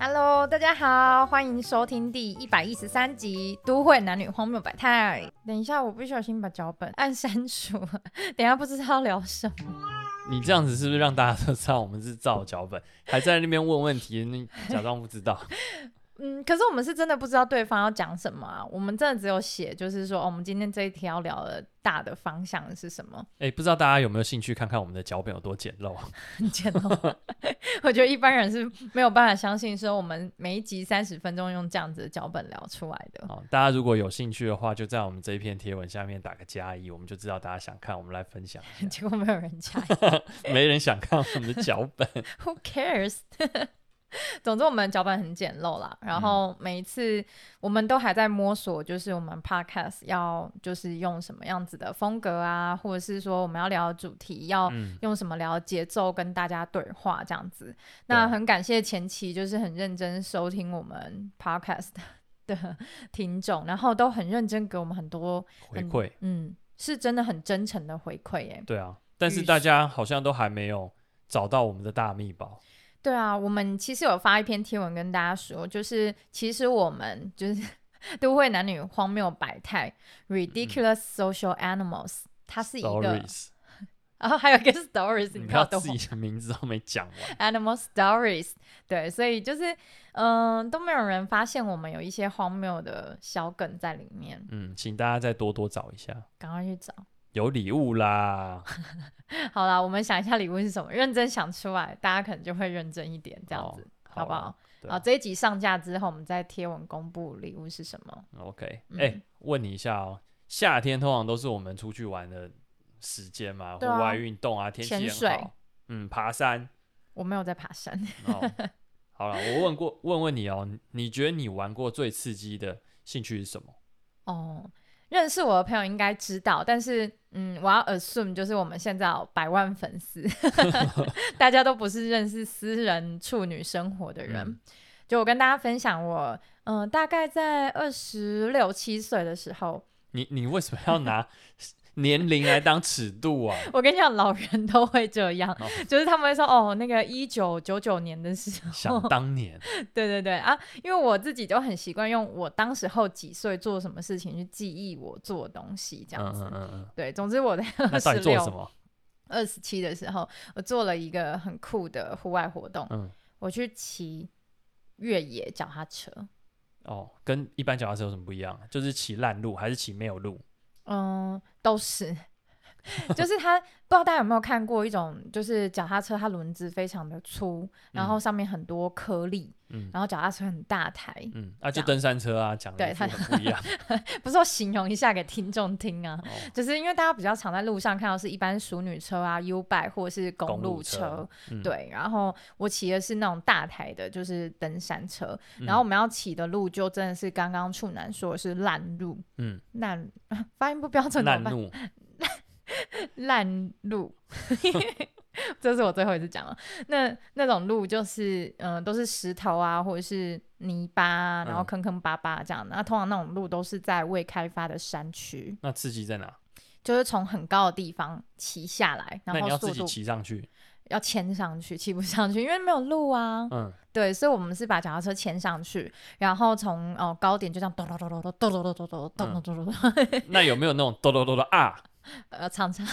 Hello，大家好，歡迎收聽第一百一十三集《都會男女荒謬百態》。等一下，我不小心把腳本按刪除了，等一下不知道聊什麼。你這樣子是不是讓大家都知道我們是照腳本，還在那邊問問題， 你假裝不知道？ 嗯，可是我們是真的不知道對方要講什麼啊！我們真的只有寫，就是說、哦，我們今天這一題要聊的大的方向是什麼？哎、欸，不知道大家有沒有興趣看看我們的腳本有多簡陋？ 簡陋嗎， 我覺得一般人是沒有辦法相信說我們每一集三十分鐘用這樣子的腳本聊出來的。大家如果有興趣的話，就在我們這一篇貼文下面打個加一，1, 我們就知道大家想看，我們來分享。 結果沒有人加一， 沒人想看我們的腳本。 Who cares？ 總之，我們腳本很簡陋啦，然後每一次我們都還在摸索，就是我們 podcast 要就是用什麼樣子的風格啊，或者是說我們要聊主題要用什麼聊節奏跟大家對話這樣子。嗯、那很感謝前期就是很認真收聽我們 podcast 的聽眾，然後都很認真給我們很多很回饋，嗯，是真的很真誠的回饋耶、欸。對啊，但是大家好像都還沒有找到我們的大祕寶。對啊，我們其實有發一篇貼文跟大家說，就是其實我們就是都會男女荒謬百態，ridiculous social animals、嗯、它是一個，然後 Stories、啊、還有一個 stories，你們要自己的名字都沒講 animal stories，對，所以就是嗯、呃、都沒有人發現我們有一些荒謬的小梗在裡面，嗯，請大家再多多找一下，趕快去找。有禮物啦！ 好啦。我們想一下禮物是什麼，認真想出來，大家可能就會認真一點，這樣子、哦好，啊、好不好？好對，這一集上架之後，我們再貼文公布禮物是什麼。OK，哎、嗯欸，問你一下哦，夏天通常都是我們出去玩的時間嘛，戶外運動啊，天氣很好，潛水，嗯，爬山，我沒有在爬山。 哦、好了，我問過，問問你哦，你覺得你玩過最刺激的興趣是什麼？哦。認識我的朋友應該知道，但是嗯，我要 assume 就是我們現在百萬粉絲， 大家都不是認識私人處女生活的人。就我跟大家分享我，我、呃、嗯，大概在二十六七歲的時候，你你為什麼要拿？ 年齡來當尺度啊！ 我跟你講，老人都會這樣，哦、就是他們會說：“哦，那個一九九九年的時候，想當年。” 對對對啊，因為我自己就很習慣用我當時候幾歲做什麼事情去記憶我做東西這樣子。嗯嗯，嗯，對，總之我在二十六、二十七的時候，我做了一個很酷的戶外活動，嗯、我去騎越野腳踏車。哦，跟一般腳踏車有什麼不一樣？就是騎爛路還是騎沒有路？嗯，都是。 就是他不知道大家有沒有看過一種，就是腳踏車，它輪子非常的粗，嗯、然後上面很多顆粒，嗯、然後腳踏車很大台，嗯，啊，就登山車啊，講樣的很不一樣 不是說形容一下給聽眾聽啊，哦、就是因為大家比較常在路上看到是一般淑女車啊，U-Bike 或者是公路車，公路車嗯、對，然後我騎的是那種大台的，就是登山車，然後我們要騎的路就真的是剛剛畜男說的是爛路，嗯，爛，發音不標準怎麼辦？爛路， 這是我最後一次講了。那那種路就是嗯、呃，都是石頭啊，或者是泥巴、啊，然後坑坑巴巴巴這樣的。那、嗯啊、通常那種路都是在未開發的山區。那刺激在哪？就是從很高的地方騎下來，然後那你要自己騎上去，要牽上去，騎不上去，因為沒有路啊。嗯，對，所以我們是把腳踏車牽上去，然後從哦、呃、高點就這樣咚咚咚咚咚咚咚咚咚咚咚。那有沒有那種咚咚咚咚啊？呃，常常，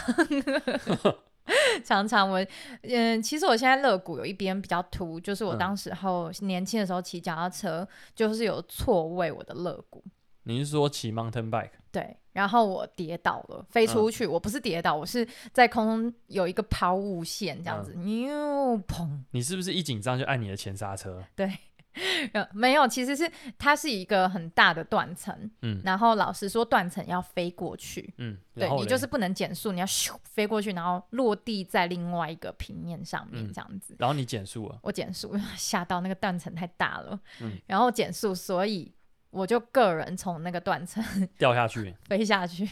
常常我，嗯，其實我現在肋骨有一邊比較凸，就是我當時候、嗯、年輕的時候騎腳踏車，就是有錯位我的肋骨。你是說騎 mountain bike？對，然後我跌倒了，飛出去，嗯、我不是跌倒，我是在空中有一個拋物線這樣子，嗯、你又砰。你是不是一緊張就按你的前剎車？對。 沒有，其實是它是一個很大的斷層，嗯，然後老師說斷層要飛過去，嗯，對，你就是不能減速，你要咻飛過去，然後落地在另外一個平面上面，嗯、這樣子，然後你減速啊，我減速嚇，到那個斷層太大了，嗯，然後減速，所以我就個人從那個斷層掉下去， 飛下去。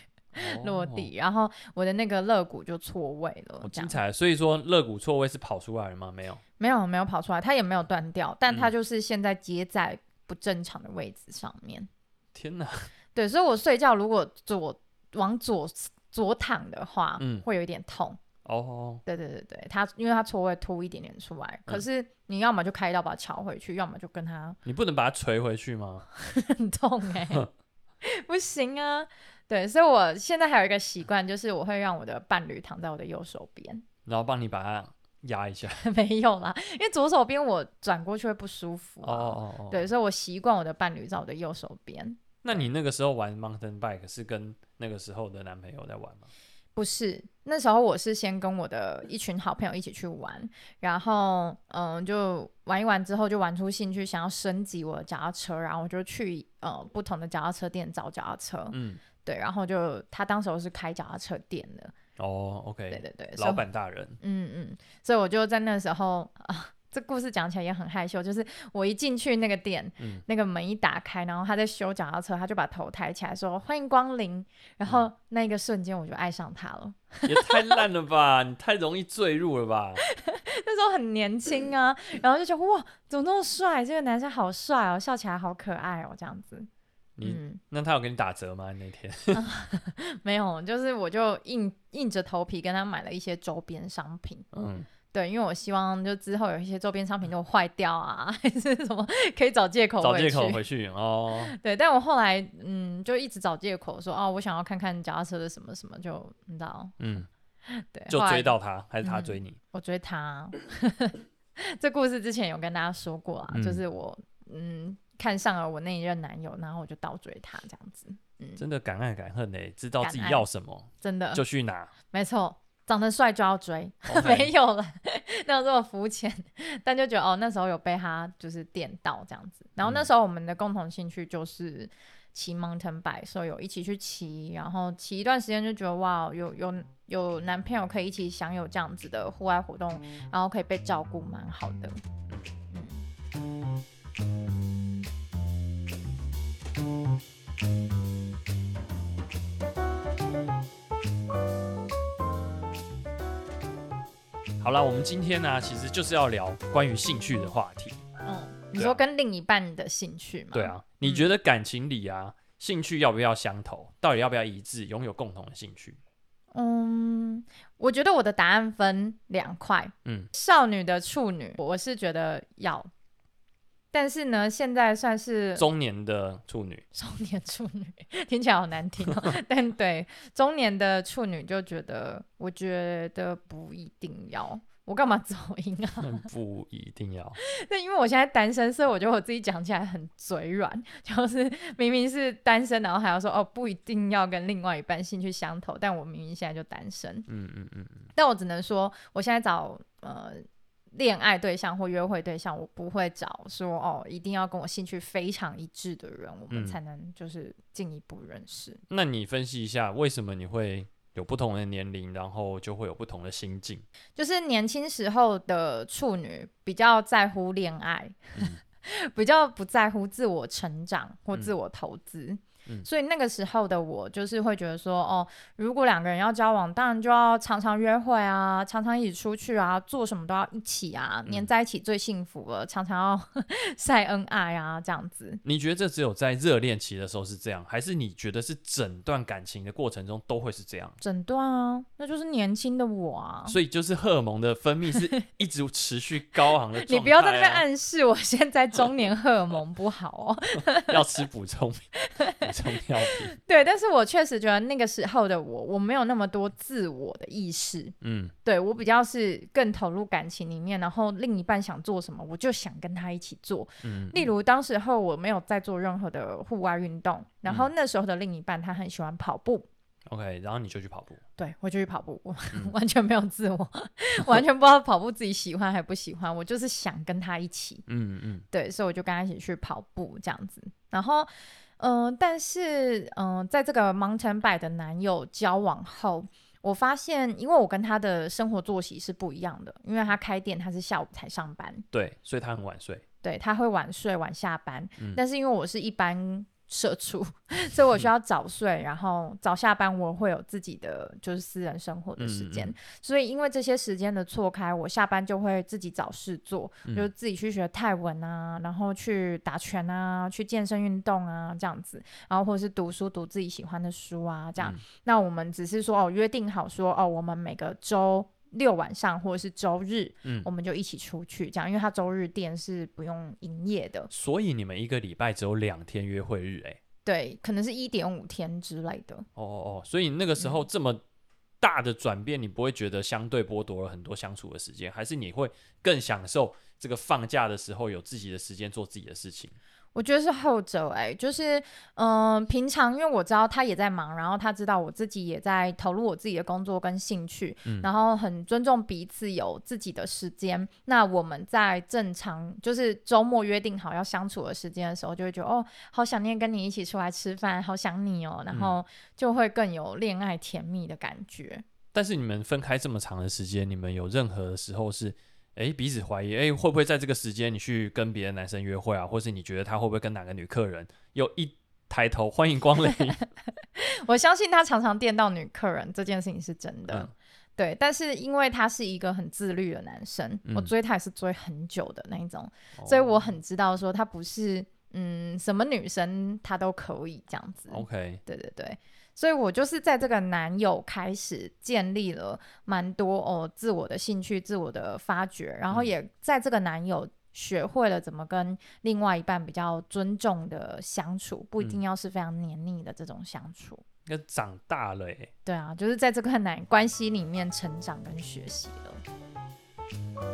落地，然後我的那個肋骨就錯位了。好精彩！所以說肋骨錯位是跑出來的嗎？沒有，沒有，沒有跑出來，它也沒有斷掉，但它就是現在接在不正常的位置上面。天哪！對，所以我睡覺如果左往左左躺的話，嗯，會有一點痛。哦哦對對對對，它因為它錯位凸一點點出來，可是你要麼就開刀把它敲回去，要麼就跟他。你不能把它捶回去嗎？很痛哎，不行啊。對，所以我現在還有一個習慣，就是我會讓我的伴侶躺在我的右手邊，然後幫你把它壓一下。沒有啦，因為左手邊我轉過去會不舒服啊。哦哦哦。對，所以我習慣我的伴侶在我的右手邊。那你那個時候玩 mountain bike 是跟那個時候的男朋友在玩嗎？不是，那時候我是先跟我的一群好朋友一起去玩，然後嗯，就玩一玩之後就玩出興趣，想要升級我的腳踏車，然後我就去呃、嗯，不同的腳踏車店找腳踏車。嗯。對，然後就他當時候是開腳踏車店的哦，OK，對對對，老闆大人，so, 嗯嗯，所以我就在那時候啊，這故事講起來也很害羞，就是我一進去那個店，嗯、那個門一打開，然後他在修腳踏車，他就把頭抬起來說，歡迎光臨，然後那一個瞬間我就愛上他了，也太爛了吧， 你太容易墜入了吧？ 那時候很年輕啊，然後就覺得哇，怎麼那麼帥？這個男生好帥哦，笑起來好可愛哦，這樣子。你嗯，那他有給你打折嗎？那天，啊、沒有，就是我就硬硬着頭皮跟他買了一些周邊商品。嗯，對，因為我希望就之後有一些周邊商品都壞掉啊，還是什麼，可以找借口回去，找借口回去哦。對，但我後來嗯，就一直找借口說哦，我想要看看腳踏車的什麼什麼，就你知道，嗯，對，就追到他還是他追你？嗯、我追他， 這故事之前有跟大家說過啊，嗯、就是我嗯。看上了我那一任男友，然後我就倒追他這樣子，嗯、真的敢愛敢恨嘞，知道自己要什麼，真的就去拿，沒錯，長得帥就要追愛，沒有了， 那有這麼膚淺，但就覺得哦，那時候有被他就是電到這樣子，然後那時候我們的共同興趣就是騎 mountain bike，有一起去騎，然後騎一段時間就覺得哇，有有有男朋友可以一起享有這樣子的戶外活動，然後可以被照顧，蠻好的。好了，我們今天呢、啊，其實就是要聊關於興趣的話題。嗯，你說跟另一半的興趣嗎？對啊，你覺得感情裡啊，嗯、興趣要不要相投？到底要不要一致，擁有共同的興趣？嗯，我覺得我的答案分兩塊。嗯，少女的處女，我是覺得要。但是呢，現在算是中年的處女，中年處女聽起來好難聽哦、喔。 但對中年的處女，就覺得我覺得不一定要，我幹嘛走音啊？不一定要。那 因為我現在單身，所以我覺得我自己講起來很嘴軟，就是明明是單身，然後還要說哦，不一定要跟另外一半興趣相投，但我明明現在就單身。嗯嗯嗯。但我只能說，我現在找呃。戀愛對象或約會對象，我不會找說哦，一定要跟我興趣非常一致的人，嗯、我們才能就是進一步認識。那你分析一下，為什麼你會有不同的年齡，然後就會有不同的心境？就是年輕時候的畜女比較在乎戀愛，嗯、 比較不在乎自我成長或自我投資。嗯嗯、所以那個時候的我就是會覺得說，哦，如果兩個人要交往，當然就要常常約會啊，常常一起出去啊，做什麼都要一起啊，嗯、黏在一起最幸福了，常常要曬 恩愛啊，這樣子。你覺得這只有在熱戀期的時候是這樣，還是你覺得是整段感情的過程中都會是這樣？整段啊，那就是年輕的我啊。所以就是荷爾蒙的分泌是一直持續高昂的狀態，啊、 你不要在那邊暗示我現在中年荷爾蒙不好哦， 要吃補充。 對，但是我確實覺得那個時候的我，我沒有那麼多自我的意識。嗯，對，我比較是更投入感情裡面，然後另一半想做什麼，我就想跟他一起做。嗯、例如當時候我沒有在做任何的戶外運動，然後那時候的另一半他很喜歡跑步。OK，然後你就去跑步。對，我就去跑步，嗯、我完全沒有自我，嗯、 我完全不知道跑步自己喜歡還不喜歡，我就是想跟他一起。嗯嗯嗯。對，所以我就跟他一起去跑步這樣子，然後。嗯、呃，但是嗯、呃，在這個 mountain bike 的男友交往後，我發現，因為我跟他的生活作息是不一樣的，因為他開店，他是下午才上班，對，所以他很晚睡，對，他會晚睡晚下班，嗯、但是因為我是一般。社畜，所以我需要早睡，嗯、然後早下班，我會有自己的就是私人生活的時間。嗯嗯，所以因為這些時間的錯開，我下班就會自己找事做，就是自己去學泰文啊，嗯、然後去打拳啊，去健身運動啊這樣子，然後或者是讀書，讀自己喜歡的書啊這樣。嗯、那我們只是說哦，約定好說哦，我們每個周。六晚上或者是周日，嗯，我們就一起出去這樣，因為他周日店是不用營業的，所以你們一個禮拜只有兩天約會日。欸，誒，對，可能是一點五天之類的。哦哦哦，所以那個時候這麼大的轉變，嗯、你不會覺得相對剝奪了很多相處的時間，還是你會更享受這個放假的時候有自己的時間做自己的事情？我覺得是後者哎、欸，就是嗯、呃，平常因為我知道他也在忙，然後他知道我自己也在投入我自己的工作跟興趣，嗯、然後很尊重彼此有自己的時間。那我們在正常就是周末約定好要相處的時間的時候，就會覺得哦，好想念跟你一起出來吃飯，好想你哦，然後就會更有戀愛甜蜜的感覺、嗯。但是你們分開這麼長的時間，你們有任何的時候是？誒，彼此懷疑，誒，會不會在這個時間你去跟別的男生約會啊？或是你覺得他會不會跟哪個女客人有一抬頭，歡迎光臨？ 我相信他常常電到女客人這件事情是真的，嗯、對。但是因為他是一個很自律的男生，嗯、我追他也是追很久的那一種，嗯、所以我很知道說他不是嗯什麼女生他都可以這樣子。OK，對對對。所以我就是在這個男友開始建立了蠻多哦自我的興趣、自我的發掘，然後也在這個男友學會了怎麼跟另外一半比較尊重的相處，不一定要是非常黏膩的這種相處。要、嗯、長大了耶。對啊，就是在這個男關係裡面成長跟學習了。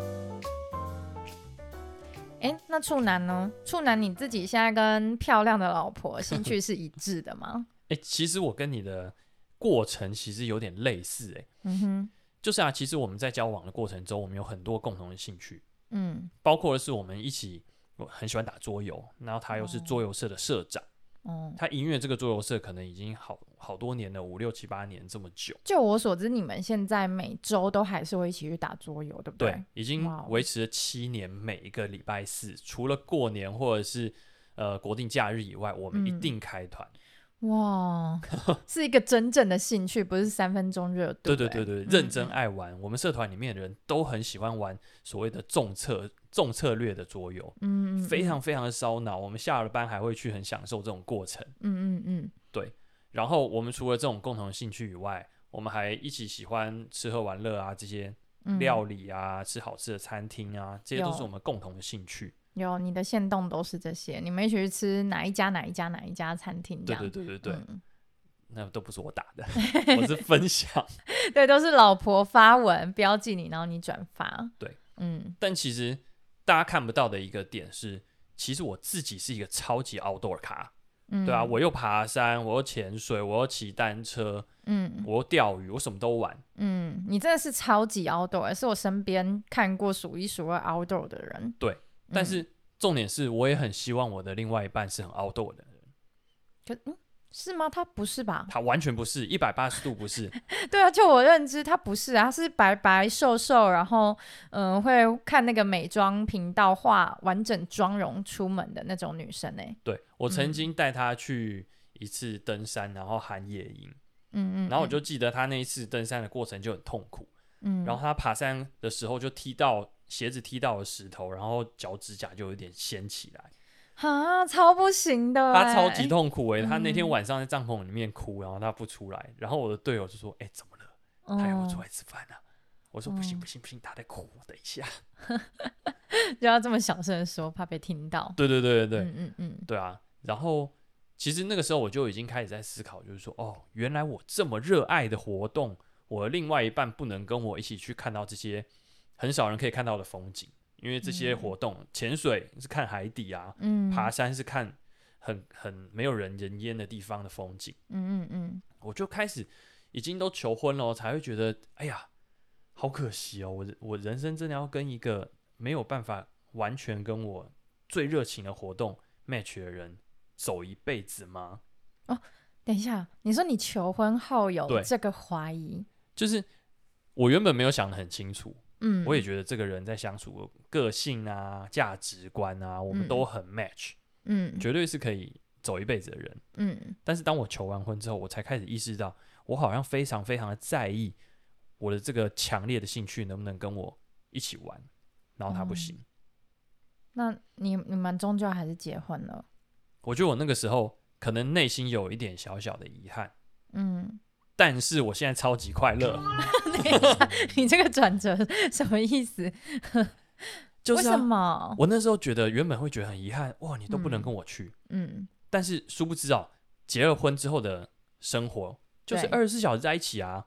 哎，那畜男呢？畜男你自己現在跟漂亮的老婆興趣是一致的嗎？ 哎、欸，其實我跟你的過程其實有點類似，欸，哎，嗯哼，就是啊，其實我們在交往的過程中，我們有很多共同的興趣，嗯，包括是我們一起，我很喜歡打桌遊，然後他又是桌遊社的社長，哦，嗯、他營運這個桌遊社可能已經好好多年了，五六七八年這麼久。就我所知，你們現在每周都還是會一起去打桌遊，對不對？對，已經維持了七年，每一個禮拜四，哇除了過年或者是呃國定假日以外，我們一定開團。嗯哇，是一個真正的興趣， 不是三分鐘熱度。對對對對，嗯、認真愛玩。我們社團裡面的人都很喜歡玩所謂的重策、重策略的桌遊，嗯，嗯非常非常的燒腦。我們下了班還會去很享受這種過程，嗯嗯嗯，嗯嗯對。然後我們除了這種共同興趣以外，我們還一起喜歡吃喝玩樂啊，這些料理啊，嗯、吃好吃的餐廳啊，這些都是我們共同的興趣。有你的限動都是這些，你們一起去吃哪一家哪一家哪一家餐廳這樣？對對對對對，嗯、那都不是我打的， 我是分享。 對，都是老婆發文標記你，然後你轉發。對，嗯。但其實大家看不到的一個點是，其實我自己是一個超級 outdoor 咖、嗯，對啊，我又爬山，我又潛水，我又騎單車，嗯，我又釣魚，我什麼都玩。嗯，你真的是超級 outdoor，是我身邊看過數一數二 outdoor 的人。對。但是重點是，我也很希望我的另外一半是很 outdoor 的人。可嗯，是嗎？她不是吧？她完全不是，一百八十度不是。 對啊，就我認知，她不是啊，她是白白瘦瘦，然後嗯、呃，會看那個美妝頻道，化完整妝容出門的那種女生哎、欸。對，我曾經帶她去一次登山，嗯、然後含夜營。嗯，嗯嗯。然後我就記得她那一次登山的過程就很痛苦。嗯。然後她爬山的時候就踢到。鞋子踢到了石頭，然後腳趾甲就有點掀起來，啊，超不行的、欸，他超級痛苦哎、欸，嗯、他那天晚上在帳篷裡面哭，然後他不出來，然後我的隊友就說：“哎、嗯欸，怎麼了？他要我出來吃飯呢、啊？”哦、我說：“不行不行不行，他在哭，嗯、等一下 就要這麼小聲說，怕被聽到。”對對對對對，嗯嗯嗯，對啊。然後其實那個時候我就已經開始在思考，就是說，哦，原來我這麼熱愛的活動，我的另外一半不能跟我一起去看到這些。很少人可以看到的風景，因為這些活動，潛水是看海底啊，嗯，爬山是看很很沒有人人煙的地方的風景，嗯嗯嗯，嗯嗯，我就開始已經都求婚了，才會覺得，哎呀，好可惜哦，我我人生真的要跟一個沒有辦法完全跟我最熱情的活動 match 的人走一輩子嗎？哦，等一下，你說你求婚後有這個懷疑？就是我原本沒有想的很清楚。嗯、我也覺得這個人在相處，個性啊、價值觀啊，我們都很 match，嗯、嗯、絕對是可以走一輩子的人，嗯、但是當我求完婚之後，我才開始意識到，我好像非常非常的在意我的這個強烈的興趣能不能跟我一起玩，然後他不行。嗯、那你你們終究還是結婚了。我覺得我那個時候可能內心有一點小小的遺憾，嗯。但是我現在超級快樂 你這個轉折什麼意思？ 啊、為什麼？我那時候覺得原本會覺得很遺憾，哇，你都不能跟我去。嗯。嗯，但是殊不知哦，結了婚之後的生活就是二十四小時在一起啊。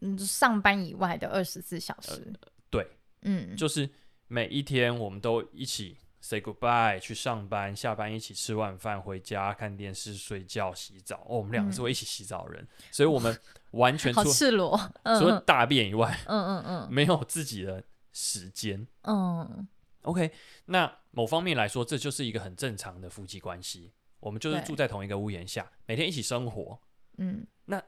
嗯，上班以外的二十四小時。呃、對。嗯。就是每一天，我們都一起。Say goodbye，去上班，下班一起吃晚飯，回家看電視、睡覺、洗澡。Oh, 我們兩個是會一起洗澡的人，嗯、所以我們完全 好赤裸，嗯、除了大便以外，嗯嗯嗯，嗯嗯沒有自己的時間。嗯，OK，那某方面來說，這就是一個很正常的夫妻關係。我們就是住在同一個屋檐下，對每天一起生活。嗯，那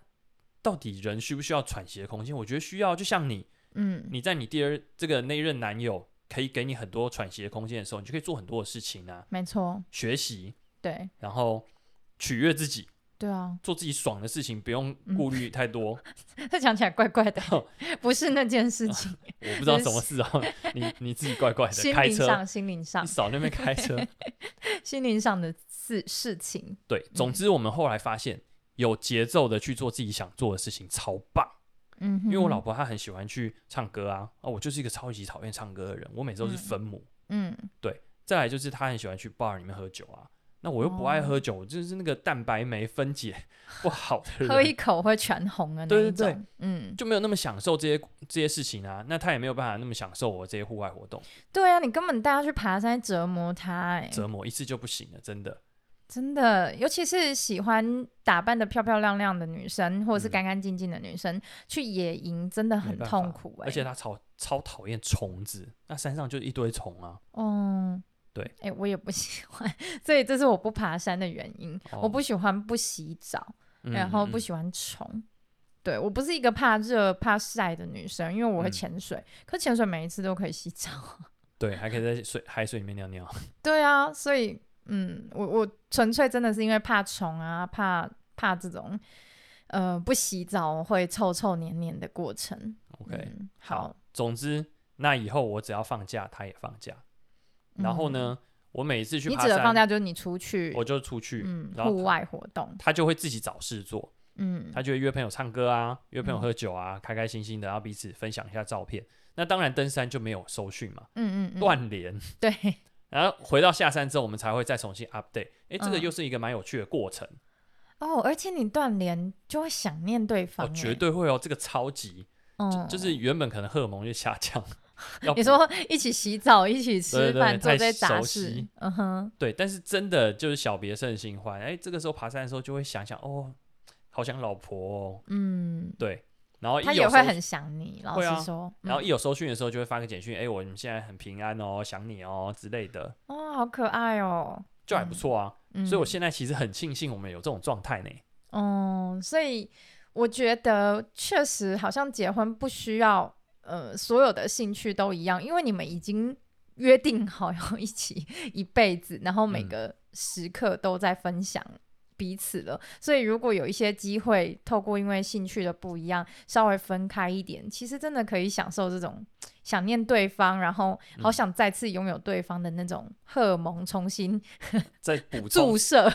到底人需不需要喘息的空間？我覺得需要，就像你，嗯，你在你第二這個那任男友，可以給你很多喘息的空間的時候，你就可以做很多的事情啊。沒錯，學習，對，然後取悅自己，對啊，做自己爽的事情，不用顧慮太多。他講起來怪怪的，不是那件事情。我不知道什麼事啊，你你自己怪怪的，開車，心靈上，你少在那邊開車，心靈上的事事情。對，總之我們後來發現，有節奏的去做自己想做的事情，超棒。嗯，因為我老婆她很喜歡去唱歌啊，啊、哦，我就是一個超級討厭唱歌的人，我每次都是分母。嗯，嗯，對，再來就是她很喜歡去 bar 裡面喝酒啊，那我又不愛喝酒，哦、就是那個蛋白酶分解不好的人，喝一口會全紅的那種，對對對，嗯，就沒有那麼享受這些這些事情啊，那她也沒有辦法那麼享受我這些戶外活動。對啊，你根本帶她去爬山折磨她，欸，折磨一次就不行了，真的。真的，尤其是喜歡打扮得漂漂亮亮的女生，或者是乾乾淨淨的女生，嗯、去野營真的很痛苦哎、欸。而且她超超討厭蟲子，那山上就一堆蟲啊。哦、嗯，對，哎、欸，我也不喜歡，所以這是我不爬山的原因。哦、我不喜歡不洗澡，嗯、然後不喜歡蟲。對，我不是一個怕熱怕曬的女生，因為我會潛水，嗯、可潛水每一次都可以洗澡。對，還可以在水海水裡面尿尿。 對啊，所以。嗯，我我純粹真的是因為怕蟲啊，怕怕這種，呃，不洗澡會臭臭黏黏的過程。OK，好，總之，那以後我只要放假，他也放假。然後呢，我每一次去爬山，你只要放假就是你出去，我就出去，戶外活動，他就會自己找事做，嗯，他就會約朋友唱歌啊，約朋友喝酒啊，開開心心的，然後彼此分享一下照片。那當然，登山就沒有收訊嘛，嗯嗯，斷聯，對。然後回到下山之後，我們才會再重新 update。哎，這個又是一個蠻有趣的過程，嗯、哦。而且你斷聯就會想念對方。哦，絕對會哦。這個超級，嗯就，就是原本可能荷爾蒙就下降。嗯、比你說一起洗澡、一起吃飯。對對對做些雜事，嗯哼，對。但是真的就是小別勝新歡。哎，這個時候爬山的時候就會想想，哦，好想老婆。哦。嗯，對。然後他也會很想你，老實說。啊嗯、然後一有收訊的時候，就會發個簡訊，哎、嗯欸，我們現在很平安哦，想你哦之類的。哦，好可愛哦，就還不錯啊。嗯、所以，我現在其實很慶幸我們有這種狀態呢。哦、嗯嗯，所以我覺得確實好像結婚不需要，呃，所有的興趣都一樣，因為你們已經約定好要一起一輩子，然後每個時刻都在分享。嗯彼此了，所以如果有一些機會，透過因為興趣的不一樣，稍微分開一點，其實真的可以享受這種想念對方，然後好想再次擁有對方的那種荷爾蒙重新再 注射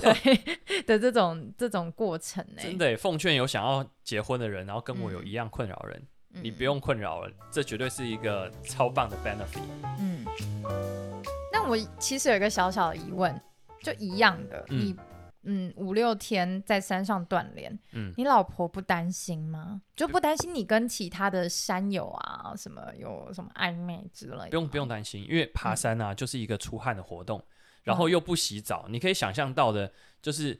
對 的這種 這種過程呢、欸。真的、欸，奉勸有想要結婚的人，然後跟我有一樣困擾人，嗯、你不用困擾了，這絕對是一個超棒的 benefit。嗯，那我其實有一個小小的疑問，就一樣的、嗯、你。嗯，五六天在山上鍛鍊，嗯，你老婆不擔心嗎？就不擔心你跟其他的山友啊，不什麼有什麼曖昧之類的？不用不用擔心，因為爬山啊、嗯、就是一個出汗的活動，然後又不洗澡，嗯、你可以想象到的，就是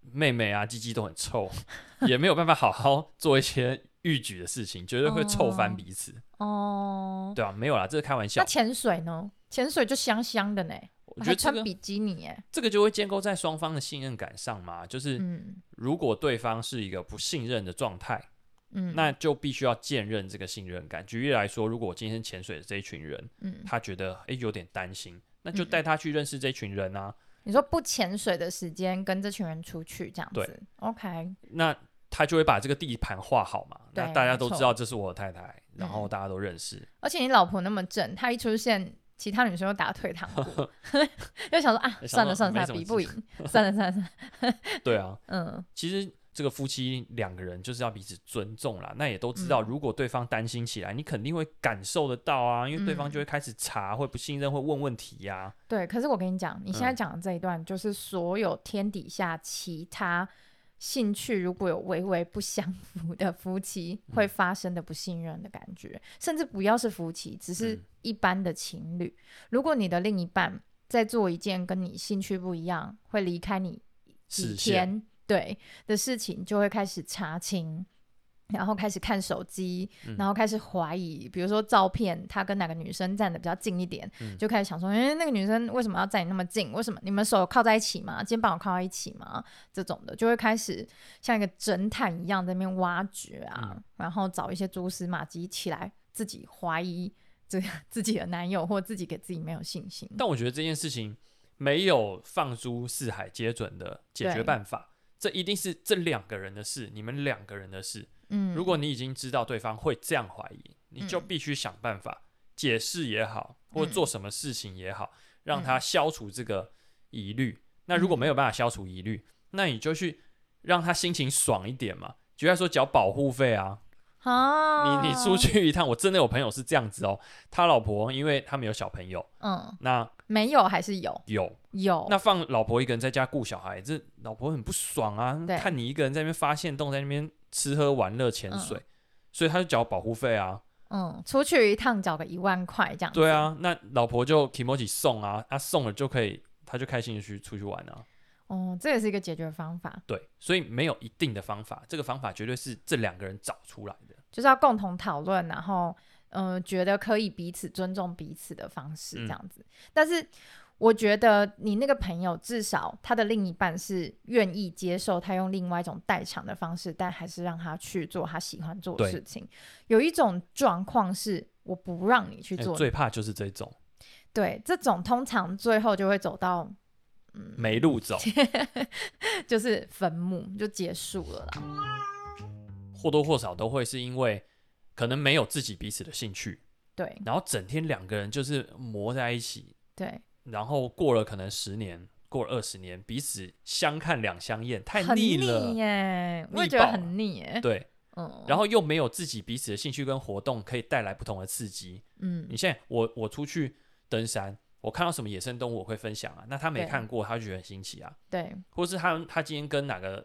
妹妹啊，雞雞都很臭， 也沒有辦法好好做一些逾矩的事情，絕對會臭翻彼此。哦，哦對啊，沒有啦，這是開玩笑。那潛水呢？潛水就香香的呢。我覺得這個穿比基尼耶，這個就會建構在雙方的信任感上嘛，就是如果對方是一個不信任的狀態，嗯，那就必須要建立這個信任感。舉例來說，如果我今天潛水的這一群人，嗯，他覺得誒、欸，有點擔心，那就帶他去認識這一群人啊。嗯、你說不潛水的時間跟這群人出去這樣子對，OK？那他就會把這個地盤畫好嘛，對那大家都知道這是我的太太，錯然後大家都認識。嗯、而且你老婆那麼正，她一出現。其他女生又打退堂鼓，又 想說啊，算了算了，比不贏，算了算了算了。 對啊，嗯， 其實這個夫妻兩個人就是要彼此尊重啦。那也都知道，如果對方擔心起來，嗯、你肯定會感受得到啊，因為對方就會開始查，嗯、會不信任，會問問題呀、啊。對，可是我跟你講，你現在講的這一段，嗯、就是所有天底下其他。興趣如果有微微不相符的夫妻，會發生的不信任的感覺，嗯、甚至不要是夫妻，只是一般的情侶。嗯、如果你的另一半在做一件跟你興趣不一樣，會離開你幾天先對的事情，就會開始查清。然後開始看手機，嗯、然後開始懷疑，比如說照片他跟哪個女生站得比較近一點，嗯、就開始想說，誒，那個女生為什麼要站你那麼近？為什麼你們手靠在一起嗎？肩膀靠在一起嗎？這種的就會開始像一個偵探一樣在那邊挖掘啊，嗯、然後找一些蛛絲馬跡起來，自己懷疑這自己的男友，或自己給自己沒有信心。但我覺得這件事情沒有放諸四海皆準的解決辦法，對這一定是這兩個人的事，你們兩個人的事。嗯，如果你已經知道對方會這樣懷疑，你就必須想辦法解釋也好，或做什麼事情也好，讓他消除這個疑慮。那如果沒有辦法消除疑慮，那你就去讓他心情爽一點嘛，舉例來說繳保護費啊。啊，你你出去一趟，我真的有朋友是這樣子哦，他老婆因為他沒有小朋友，嗯，那沒有還是有有有，那放老婆一個人在家顧小孩，這老婆很不爽啊，看你一個人在那邊發現，洞在那邊。吃喝玩樂潛水，嗯、所以他就繳保護費啊。嗯，出去一趟繳個一萬塊這樣子。對啊，那老婆就 kimochi 送啊，他、啊、送了就可以，他就開心的去出去玩啊。哦、嗯，這也是一個解決方法。對，所以沒有一定的方法，這個方法絕對是這兩個人找出來的，就是要共同討論，然後嗯、呃，覺得可以彼此尊重彼此的方式這樣子。嗯、但是。我覺得你那個朋友至少他的另一半是願意接受他用另外一種代償的方式，但還是讓他去做他喜歡做的事情。對有一種狀況是，我不讓你去做你，欸，最怕就是這種。對，這種通常最後就會走到嗯，沒路走， 就是墳墓就結束了啦。或多或少都會是因為可能沒有自己彼此的興趣，對，然後整天兩個人就是磨在一起，對。然後過了可能十年，過了二十年，彼此相看兩相厭，太膩了膩耶！膩爆我也覺得很膩耶。對，嗯。然後又沒有自己彼此的興趣跟活動可以帶來不同的刺激。嗯，你現在我我出去登山，我看到什麼野生動物，我會分享啊。那他沒看過，對他就覺得很新奇啊。對。或是他他今天跟哪個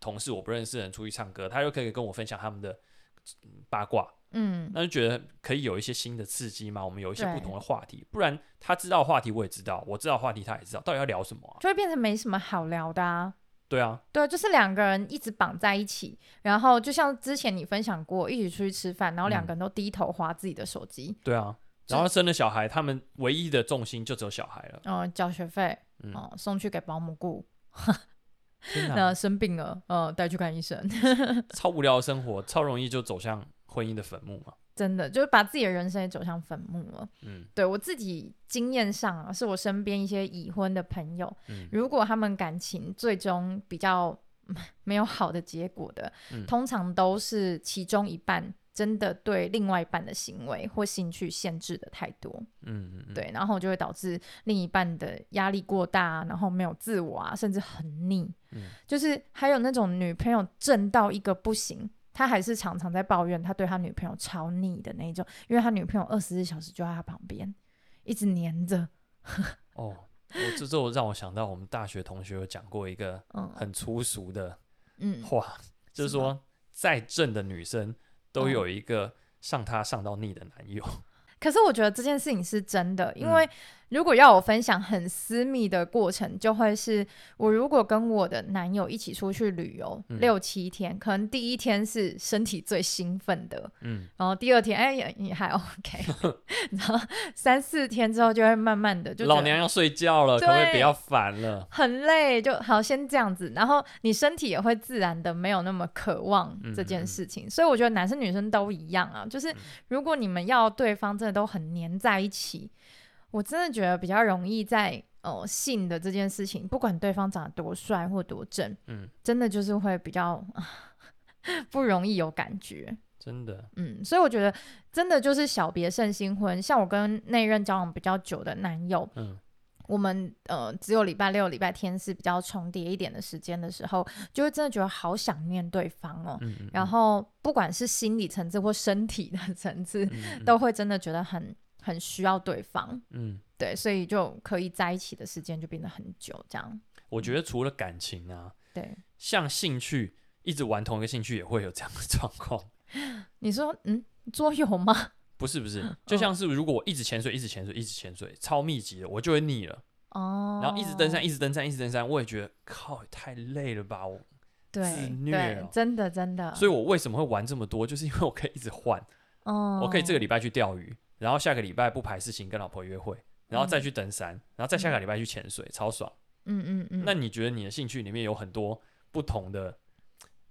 同事我不認識的人出去唱歌，他又可以跟我分享他們的八卦。嗯，那就覺得可以有一些新的刺激嘛。我們有一些不同的話題，對不然他知道話題，我也知道，我知道話題，他也知道，到底要聊什麼、啊、就會變成沒什麼好聊的、啊。對啊，對啊，就是兩個人一直綁在一起，然後就像之前你分享過，一起出去吃飯，然後兩個人都低頭滑自己的手機、嗯。對啊，然後生了小孩，就他們唯一的重心就只有小孩了。呃、嗯，交學費，嗯，送去給保姆顧。 哪那生病了，嗯、呃，帶去看醫生。 超無聊的生活，超容易就走向婚姻的墳墓嗎？真的，就是把自己的人生也走向墳墓了。嗯，對我自己經驗上啊，是我身邊一些已婚的朋友，嗯，如果他們感情最終比較沒有好的結果的，嗯，通常都是其中一半真的對另外一半的行為或興趣限制的太多，嗯，嗯，嗯，對，然後就會導致另一半的壓力過大，然後沒有自我啊，甚至很膩，嗯，就是還有那種女朋友掙到一個不行。他還是常常在抱怨，他對他女朋友超膩的那種，因為他女朋友二十四小時就在他旁邊，一直黏着。 哦，這這讓我想到我們大學同學有講過一個很粗俗的話，嗯嗯、是的，就是說再正的女生都有一個上他上到膩的男友，嗯。可是我覺得這件事情是真的，因為、嗯。如果要我分享很私密的過程，就會是我如果跟我的男友一起出去旅遊、嗯、六七天，可能第一天是身體最興奮的，嗯，然後第二天哎也也還 OK， 然後三四天之後就會慢慢的就老娘要睡覺了，就會比較煩了，很累，就好先這樣子，然後你身體也會自然的沒有那麼渴望這件事情，嗯嗯嗯，所以我覺得男生女生都一樣啊，就是如果你們要對方真的都很黏在一起。我真的覺得比較容易在哦、呃、性的這件事情，不管對方長得多帥或多正，嗯，真的就是會比較呵呵不容易有感覺，真的，嗯，所以我覺得真的就是小別勝新婚。像我跟那一任交往比較久的男友，嗯，我們呃只有禮拜六、禮拜天是比較重疊一點的時間的時候，就會真的覺得好想念對方哦。嗯嗯嗯，然後不管是心理層次或身體的層次，嗯嗯都會真的覺得很。很需要對方，嗯，對，所以就可以在一起的時間就變得很久，這樣。我覺得除了感情啊，嗯、對，像興趣，一直玩同一個興趣也會有這樣的狀況。你說，嗯，桌遊嗎？不是不是，就像是如果我一直潛水，哦，一直潛水，一直潛水，一直潛水，超密集的，我就會膩了。哦。然後一直登山，一直登山，一直登山，我也覺得靠，太累了吧？我自虐了，對、對，真的真的。所以我為什麼會玩這麼多？就是因為我可以一直換。哦。我可以這個禮拜去釣魚。然後下個禮拜不排事情，跟老婆約會，然後再去登山，嗯、然後再下個禮拜去潛水，嗯、超爽。嗯嗯嗯。嗯嗯，那你覺得你的興趣裡面有很多不同的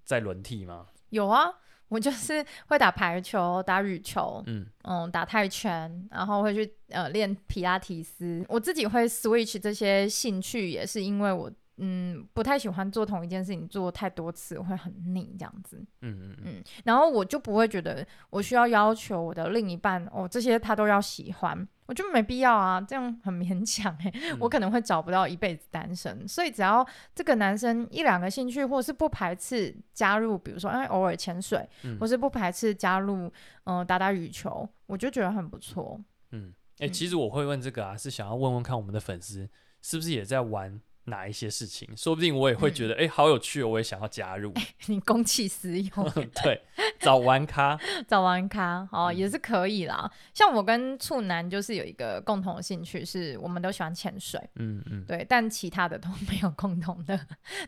在輪替嗎？有啊，我就是會打排球、打羽球，嗯，嗯，打泰拳，然後會去呃練皮拉提斯。我自己會 switch 這些興趣，也是因為我。嗯，不太喜歡做同一件事情，做太多次會很膩，這樣子。嗯嗯嗯。然後我就不會覺得我需要要求我的另一半，哦，這些他都要喜歡，我就沒必要啊，這樣很勉強、欸。哎、嗯，我可能會找不到一輩子單身，所以只要這個男生一兩個興趣，或是不排斥加入，比如說，哎、欸，偶爾潛水，嗯、或是不排斥加入，嗯、呃，打打羽球，我就覺得很不錯。嗯，哎、欸，嗯、其實我會問這個啊，是想要問問看我們的粉絲是不是也在玩哪一些事情，說不定我也會覺得，哎、嗯欸，好有趣，我也想要加入。欸、你公器私用， 對，找玩咖，找玩咖，哦，嗯、也是可以啦。像我跟畜男，就是有一個共同的興趣，是我們都喜歡潛水。嗯嗯，對，但其他的都沒有共同的，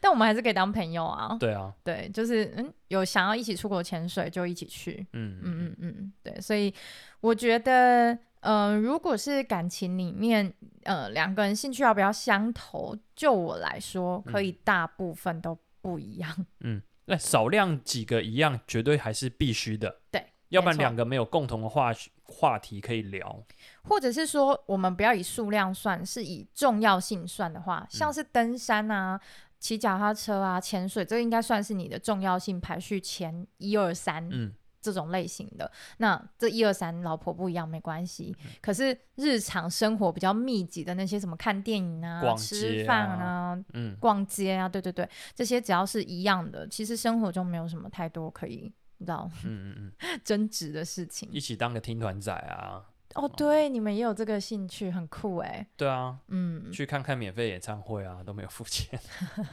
但我們還是可以當朋友啊。對啊，對，就是嗯，有想要一起出國潛水，就一起去。嗯嗯嗯，嗯嗯，對，所以我覺得。嗯、呃，如果是感情裡面，呃，兩個人興趣要不要相投？就我來說，可以大部分都不一樣。嗯，那少量幾個一樣，對絕對還是必須的。對，要不然兩個沒有共同的話沒錯，話題可以聊。或者是說，我們不要以數量算，是以重要性算的話，像是登山啊、嗯、騎腳踏車啊、潛水，這應該算是你的重要性排序前一二三。嗯。這種類型的，那這一二三老婆不一樣沒關係。嗯、可是日常生活比較密集的那些，什麼看電影啊、吃飯啊、啊嗯、逛街啊，對對對，這些只要是一樣的，其實生活中沒有什麼太多可以，你知道，嗯嗯嗯， 爭執的事情。一起當個聽團仔啊！哦，對，哦、你們也有這個興趣，很酷誒。對啊，嗯，去看看免費演唱會啊，都沒有付錢，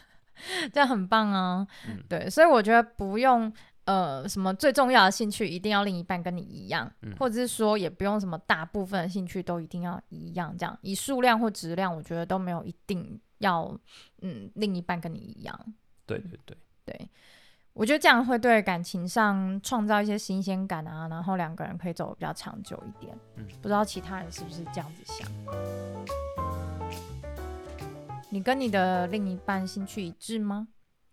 這樣很棒啊。嗯、對，所以我覺得不用。呃，什麼最重要的興趣一定要另一半跟你一樣，嗯、或者是說也不用什麼大部分的興趣都一定要一樣，這樣以數量或質量，我覺得都沒有一定要，嗯，另一半跟你一樣。對對對對，我覺得這樣會對感情上創造一些新鮮感啊，然後兩個人可以走得比較長久一點。嗯，不知道其他人是不是這樣子想？你跟你的另一半興趣一致嗎？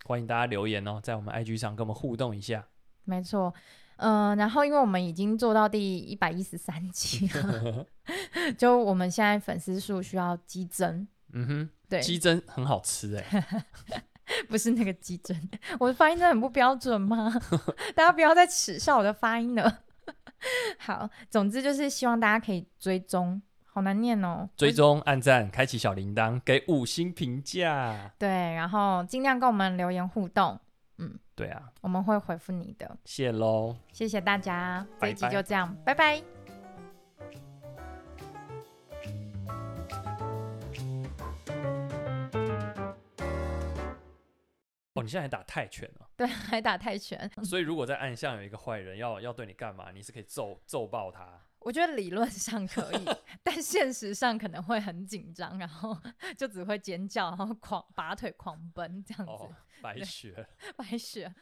歡迎大家留言哦，在我們 IG 上跟我們互動一下。沒錯，嗯、呃，然後因為我們已經做到第一百一十三集了， 就我們現在粉絲數需要激增。嗯哼，對，激增很好吃誒， 不是那個雞胗。我的發音真的很不標準嗎？ 大家不要再恥笑我的發音了。好，總之就是希望大家可以追蹤。好難念哦！追蹤、按讚、開啟小鈴鐺、給五星評價。對，然後盡量跟我們留言互動。嗯，對啊，我們會回復你的。謝嘍，謝謝大家，拜拜。這一集就這樣，拜拜。哦，你現在還打泰拳呢、啊？對，還打泰拳。 所以如果在暗巷有一個壞人要要對你幹嘛，你是可以揍揍爆他。我覺得理論上可以， 但現實上可能會很緊張，然後就只會尖叫，然後狂拔腿狂奔這樣子，哦、白雪白雪。